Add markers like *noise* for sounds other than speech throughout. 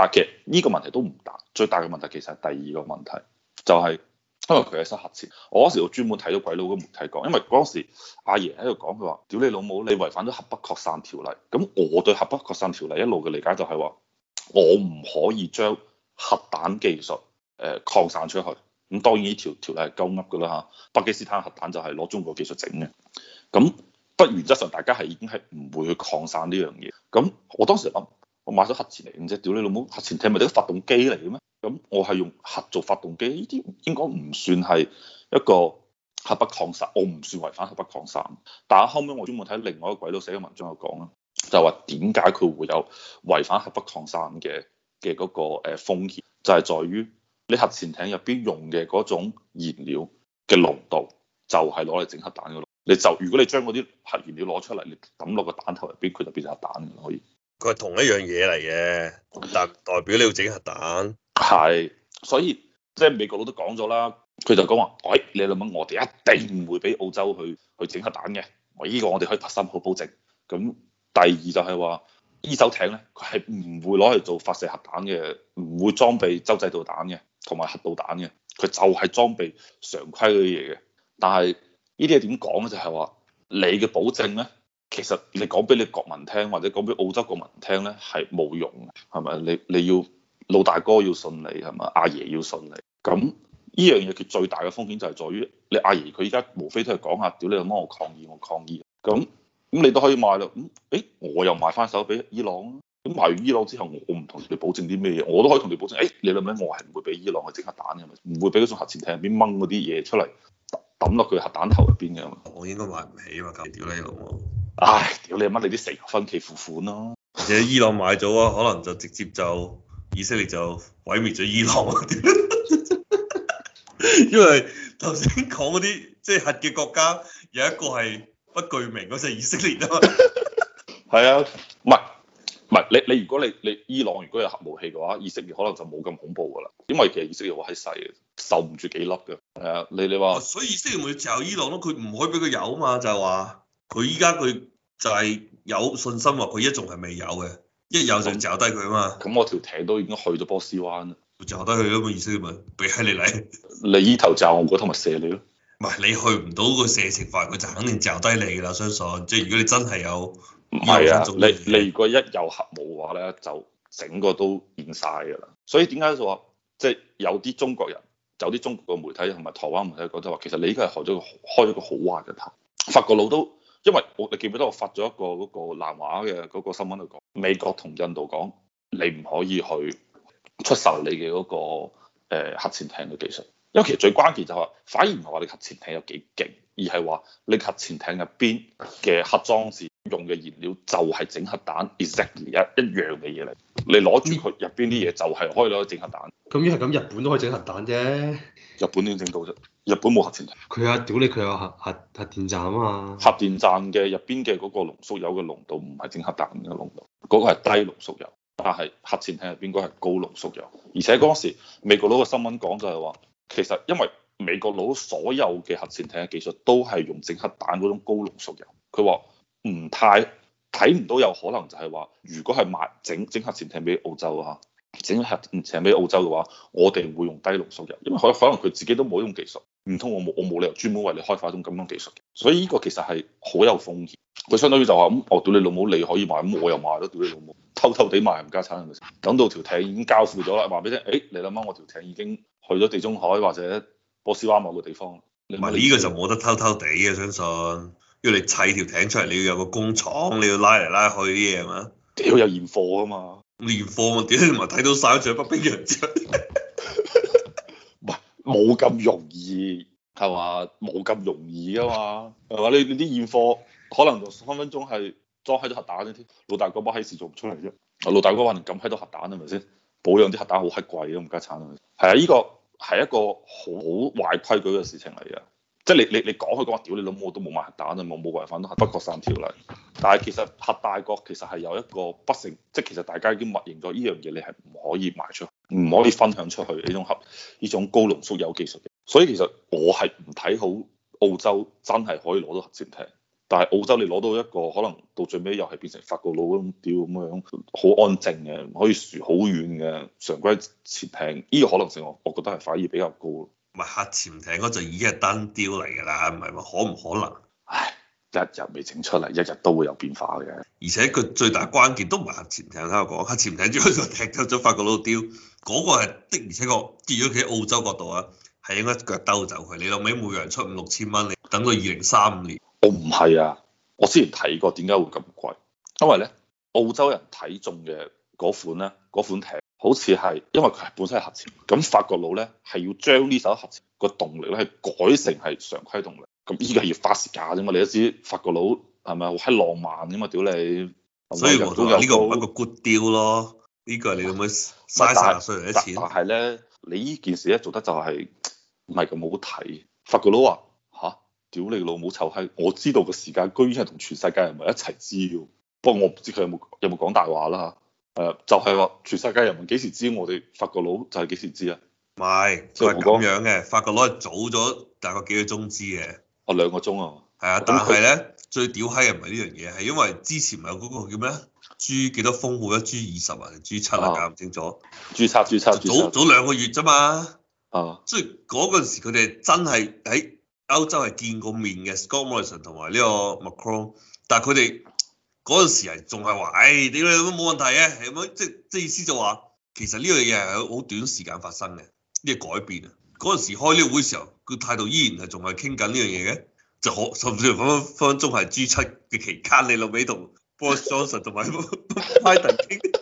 但係其實呢個問題都唔大，最大嘅問題其實係第二個問題，就係、是、因為佢係失核設。我嗰時我專門睇到鬼佬嘅媒體講，因為嗰時阿爺喺度講，佢話，屌你老母，你違反咗核不擴散條例。咁我對核不擴散條例一路嘅理解就係話，我唔可以將核彈技術誒、呃、擴散出去。咁當然呢條條例係鳩噏㗎啦嚇。巴基斯坦核彈就係攞中國技術整嘅。咁不原則上，大家係已經係唔會去擴散呢樣嘢。咁我當時諗。我買咗核潛嚟唔啫，屌你老母核潛艇咪得個發動機嚟嘅咩？咁我係用核做發動機，呢啲應該唔算係一個核不擴散，我唔算違反核不擴散。但係後尾我專門睇另外一個鬼佬寫嘅文章有講啦，就話點解佢會有違反核不擴散嘅嘅嗰個誒風險，就係、是、在於你核潛艇入邊用嘅嗰種燃料嘅濃度，就係攞嚟整核彈嘅。你就如果你將嗰啲核燃料攞出嚟，你抌落個彈頭入邊，佢就變成核彈可以。佢係同一樣嘢嚟嘅，但代表你要整核彈，係，所以即係美國佬都講咗啦，佢就講話，喂、哎，你諗諗我哋一定唔會俾澳洲去去整核彈嘅，呢、這個我哋可以拍心口保證。咁第二就係話，依艘艇咧，佢係唔會攞嚟做發射核彈嘅，唔會裝備洲際導彈嘅，同埋核導彈嘅，佢就係裝備常規嘅嘢嘅。但係呢啲嘢點講咧，就係、是、話你嘅保證咧？其實你講俾你國民聽，或者講俾澳洲國民聽咧，係冇用，係咪？你你要老大哥要信你，係咪？阿爺要信你，咁呢樣嘢佢最大嘅風險就係在於，你阿爺佢依家無非都係講下，屌你又幫我抗議，我抗議，咁咁你都可以賣啦，咁、嗯、誒、欸、我又賣翻手俾伊朗，咁賣完伊朗之後，我唔同你保證啲咩嘢，我都可以同你保證，誒、欸、你諗下，我係唔會俾伊朗去整核彈嘅，唔會俾佢從核潛艇入邊掹嗰啲嘢出嚟，抌落佢核彈頭入邊嘅，我應該買唔起嘛，咁，屌你老。唉，屌你乜你啲成分期付款咯、啊！而且伊朗買咗啊，可能就直接就以色列就毀滅咗伊朗。啊。 *laughs* 因為頭先講嗰啲即係核嘅國家有一個係不具名，嗰就係、以色列啊嘛。係 *laughs* 啊，唔係唔係你你如果你你伊朗如果有核武器嘅話，以色列可能就冇咁恐怖噶啦。因為其實以色列好閪細，受唔住幾粒嘅。係啊，你你話，所以以色列咪就伊朗咯？佢唔可以俾佢有啊嘛，就係話。佢依家佢就係有信心，話佢一仲係未有嘅，一有就罩低佢啊嘛。咁我條艇都已經去咗波斯灣啦，罩低佢咯，意思咪俾閪你嚟？你呢頭罩我頭咪射你咯。唔係你去唔到個射程範，佢就肯定罩低你噶啦。相信即係如果你真係有，唔係啊！你你如果一有核武嘅話咧，就整個都變晒噶啦。所以點解就話即係有啲中國人、有啲中國嘅媒體同埋台灣媒體覺得話，其實你依家係開咗個開咗個好壞嘅頭，法國佬都。因為我你記唔記得我發咗一個嗰個南華嘅嗰個新聞度講，美國同印度講你唔可以去出售你嘅嗰個誒核潛艇嘅技術，因為其實最關鍵就係，反而唔係話你核潛艇有幾勁，而係話你核潛艇入邊嘅核裝置用嘅燃料就係整核彈 exactly 一樣嘅嘢嚟，你攞住佢入邊啲嘢就係可以攞去整核彈。咁於係係咁，日本都可以整核彈啫。日本點整到啫？日本冇核潛艇。佢啊屌你！佢有核核核電站啊嘛。核電站嘅入邊嘅嗰個濃縮油嘅濃度唔係整核彈嘅濃度，嗰個係低濃縮油，但係核潛艇入邊嗰係高濃縮油。而且嗰時美國佬嘅新聞講就係話，其實因為美國佬所有嘅核潛艇嘅技術都係用整核彈嗰種高濃縮油，佢話唔太睇唔到有可能就係話，如果係賣整整核潛艇俾澳洲啊整隻艇賣俾澳洲嘅話，我哋會用低濃縮鈾，因為可可能佢自己都冇用技術，唔通我冇我冇理由專門為你開發一種咁樣技術，所以呢個其實係好有風險。佢相當於就係、是、咁、嗯，我屌你老母，你可以賣，咁、嗯、我又賣咯，屌你老母，偷偷地賣唔家產係咪先？等到條艇已經交付咗啦，話俾你聽，誒你諗下，我條艇已經去咗地中海或者波斯灣某個地方。唔係你呢個就冇得偷偷地嘅，相信，因為你砌條艇出嚟，你要有個工廠，你要拉嚟拉去啲嘢嘛。屌有驗貨啊嘛～現貨點解唔係睇到晒一嘴北冰洋啫？唔係冇咁容易係嘛，冇咁容易噶嘛，係嘛？你啲現貨可能就分分鐘係裝喺咗核彈添，老大哥乜閪事做唔出嚟啫？啊，老大哥話連咁喺度核彈啊，咪先保養啲核彈好閪貴嘅，唔加產係啊？呢個係一個好壞規矩嘅事情嚟嘅。即係你你你講佢講話，屌你老母，我都冇買核彈啊，冇冇違反到核不擴散條例。但係其實核大國其實係有一個不成，即係其實大家已經默認咗呢樣嘢，你係唔可以賣出去，唔可以分享出去呢種核呢種高濃縮鈾技術。所以其實我係唔睇好澳洲真係可以攞到核潛艇，但係澳洲你攞到一個可能到最尾又係變成法國佬咁屌咁樣，好安靜嘅唔可以射好遠嘅常規潛艇，呢、呢個可能性我我覺得係反而比較高。唔係核潛艇嗰隻已經係單雕嚟噶啦，唔係話可唔可能？唉，一日未整出嚟，一日都會有變化嘅。而且佢最大關鍵都唔係核潛艇，聽我講，核潛艇只嗰隻艇都都法國佬雕，嗰個係的而且確，如果企喺澳洲角度啊，係應該腳兜走佢。你老尾每人出五六千蚊，你等到二零三五年。我唔係啊，我之前睇過，點解會咁貴？因為咧，澳洲人睇中嘅嗰款咧，嗰款艇。好似係，因為佢係本身係核潛，咁法國佬咧係要將呢艘核潛個動力咧係改成係常規動力，咁依家要發時間啫嘛？你都知法國佬係咪好閪浪漫啫嘛？屌你，所以我同呢說個一個 good deal 咯，呢、這個你咁樣嘥晒，衰錢。但但係是咧但，你呢件事咧做得就係唔係咁好睇。法國佬話嚇，屌你老母臭閪！我知道個時間居然係同全世界人民一齊知料。不過我唔知佢有冇有冇講大話啦。有誒，就係話全世界人民幾時知我哋法國佬就係幾時知啊？唔係，就係咁樣嘅。法國佬係早咗大概幾多鐘知嘅？哦，兩個鐘啊？係啊，但係咧最屌閪嘅唔係呢樣嘢，係因為之前咪有嗰個叫咩？g 幾多封？會一 G 二十啊，定 G 七啊？我唔清楚。註冊，註冊，早早兩個月啫嘛。啊。所以嗰陣時佢哋真係喺歐洲係見過面嘅，Scott Morrison 同埋呢個 Macron，但係佢哋。嗰陣時仲係話，誒點樣都冇問題嘅、啊，係咪即即意思就話，其實呢樣嘢係好短時間發生嘅，呢個改變啊！嗰陣時開呢會時候，佢態度依然係仲係傾緊呢樣嘢嘅，就可甚至乎分分鐘係 G 七嘅期間，你落尾同 Boris Johnson 同埋 Biden 傾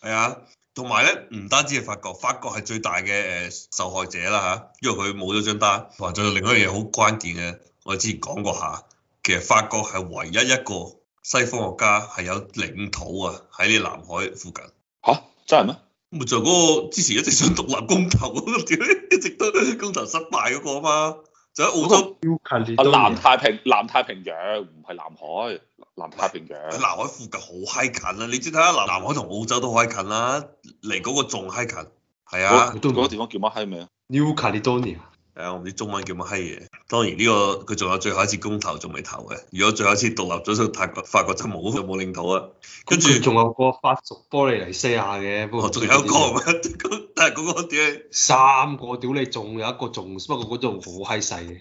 係啊，同埋咧唔單止係法國，法國係最大嘅誒受害者啦嚇，因為佢冇咗張單。或者另一樣嘢好關鍵嘅，我之前講過下。其實法國係唯一一個西方國家係有領土啊喺啲南海附近吓、啊？真係咩？咪就嗰個之前一直想獨立公投、那個，屌 *laughs* 一直都公投失敗嗰個啊嘛，就喺澳洲。南太平南太平洋唔係南海，南太平洋喺南海附近好閪近啊！你知睇下南海同澳洲都好閪近啦、啊，嚟嗰個仲閪近。係啊，都嗰個地方叫乜閪名？New Caledonia。係我唔知中文叫乜閪嘢。當然呢、呢個佢仲有最後一次公投，仲未投嘅。如果最後一次獨立咗，泰國法國就冇冇領土啊。跟住仲有個法屬玻利尼西亞嘅。不哦，仲有一個，但係嗰個點？三個屌你，仲有一個仲不過嗰度好閪細嘅。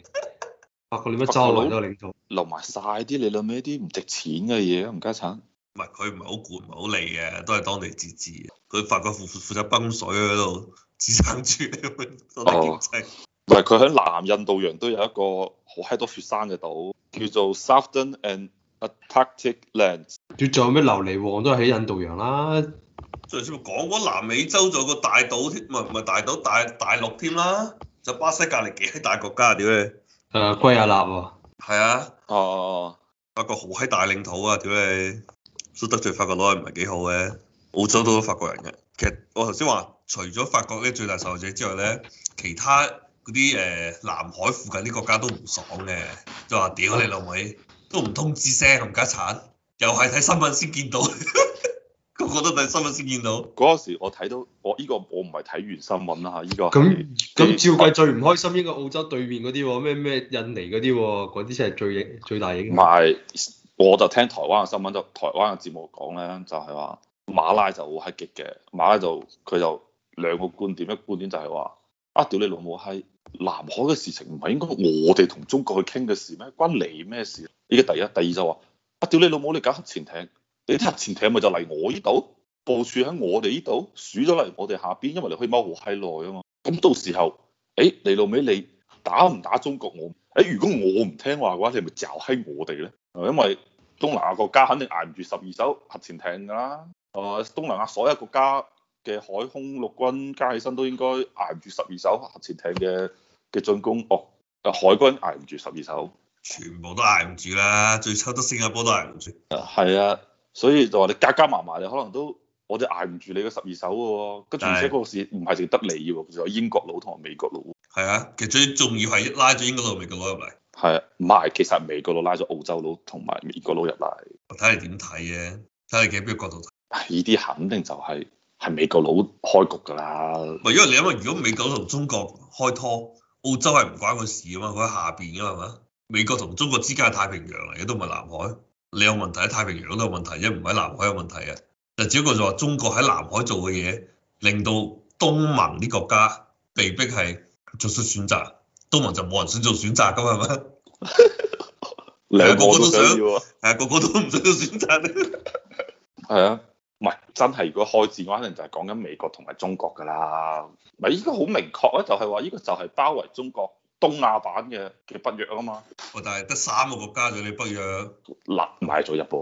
法國你乜州內都領土？留埋晒啲你兩尾啲唔值錢嘅嘢，唔加慘。唔係佢唔係好管唔係好理嘅，都係當地自治。佢法國負負,負,負責泵水喺度支撐住唔佢喺南印度洋都有一個好閪多雪山嘅島，叫做 Southern and Antarctic Lands 叫做咩留尼旺都喺印度洋啦？最衰咪講過南美洲仲有個大島添，唔係唔係大島大大陸添啦？就巴西隔籬幾閪大國家，屌你！誒，圭亞那喎。係啊。啊啊哦。法國好閪大領土啊，屌你！所、so, 得罪法國佬係唔係幾好嘅、啊。澳洲都法國人嘅。其實我頭先話，除咗法國呢最大受害者之外咧，其他。嗰啲誒南海附近啲國家都唔爽嘅，就話屌你老味， *noise* 都唔通知聲，冚家鏟，又係睇新聞先見到， *laughs* 個個都睇新聞先見到。嗰陣時我睇到我呢個我唔係睇完新聞啦嚇，依、呢個咁咁照計最唔開心應該澳洲對面嗰啲，咩咩印尼嗰啲，嗰啲先係最影最大影響。唔係，我就聽台灣嘅新聞，就台灣嘅節目講咧，就係話馬拉就好黑極嘅，馬拉就佢就，就兩個觀點，一個觀點就係話啊屌你老母閪。南海嘅事情唔係應該我哋同中國去傾嘅事咩？關你咩事？呢個第一、第二就話、是：啊，屌你老母！你搞核潛艇，你核潛艇咪就嚟我呢度部署喺我哋呢度，鼠咗嚟我哋下邊，因為你可以踎好閪耐啊嘛。咁到時候，誒、欸，你老味你打唔打中國我？誒、欸，如果我唔聽話嘅話，你咪罩喺我哋咧？因為東南亞國家肯定捱唔住十二艘核潛艇㗎啦。啊、呃，東南亞所有國家嘅海空陸軍加起身都應該捱唔住十二艘核潛艇嘅。嘅進攻哦，啊，海軍捱唔住十二艘，全部都捱唔住啦，最差都新加坡都捱唔住。啊，係啊，所以就話你加加埋埋，你可能都我哋捱唔住你個十二艘嘅喎，跟住而且嗰個事唔係淨得你喎，仲有英國佬同埋美國佬。係啊，其實最重要係拉咗英國佬、美國佬入嚟。係啊，唔係，其實美國佬拉咗澳洲佬同埋美國佬入嚟。我睇你點睇嘅，睇你嘅邊個角度。呢啲肯定就係、係美國佬開局㗎啦。唔係因為你因為如果美國佬同中國開拖。澳洲係唔關佢事噶嘛，佢喺下邊噶係嘛？美國同中國之間係太平洋嚟嘅，都唔係南海。你有問題喺太平洋都有問題，一唔係南海有問題啊。但只不過就話中國喺南海做嘅嘢，令到東盟啲國家被逼係作出選擇，東盟就冇人想做選擇噶嘛，係嘛？兩個 *laughs* *laughs* 個都想要啊，個 *laughs* 個都唔想做選擇係 *laughs* 啊。唔係真係如果開戰，我可能就係講緊美國同埋中國㗎啦。唔係，依個好明確咧，就係話依個就係包圍中國東亞版嘅嘅北約啊嘛。哦，但係得三個國家做你北約，立埋、啊啊、做日本。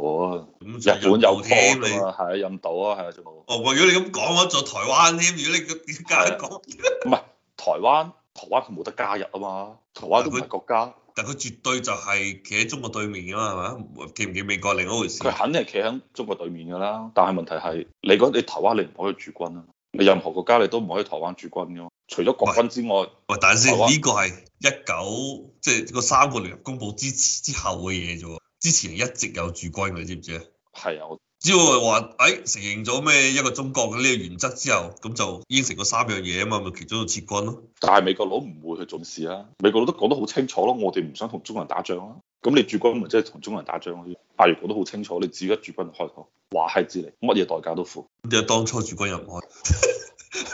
嗯、日本有國㗎嘛？係你啊，印度啊，係啊全部。哦，如果你咁講，我做台灣添。如果你點解講？唔係、啊、 *laughs* 台灣，台灣佢冇得加入啊嘛。台灣都唔係國家。但佢絕對就係企喺中國對面㗎嘛，係咪？企唔企美國另一回事。佢肯定係企喺中國對面㗎啦。但係問題係，你講你台灣你唔可以駐軍啊！你任何國家你都唔可以台灣駐軍嘅喎，除咗國軍之外。喂，等陣先，呢灣個係一九即係個三個聯合公佈之之後嘅嘢啫喎，之前一直有駐軍你知唔知？係啊，只要話誒承認咗咩一個中國嘅呢個原則之後，咁就應承過三樣嘢啊嘛，咪其中就撤軍咯。但係美國佬唔會去做事啊，美國佬都講得好清楚咯、啊，我哋唔想同中國人打仗啊。咁你駐軍咪即係同中國人打仗咯、啊。阿裕講得好清楚，你自己駐軍就開口話係自嚟，乜嘢代價都付。你當初駐軍又唔開？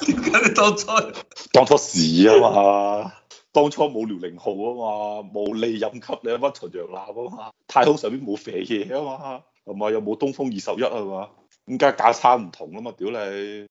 點 *laughs* 解你當初？ *laughs* 當初屎啊嘛！當初冇遼寧號啊嘛，冇利任級，你乜巡洋艦啊嘛？太空上邊冇肥嘢啊嘛？係嘛？又有冇東風二十一係嘛？點解架差唔同啊嘛！屌你！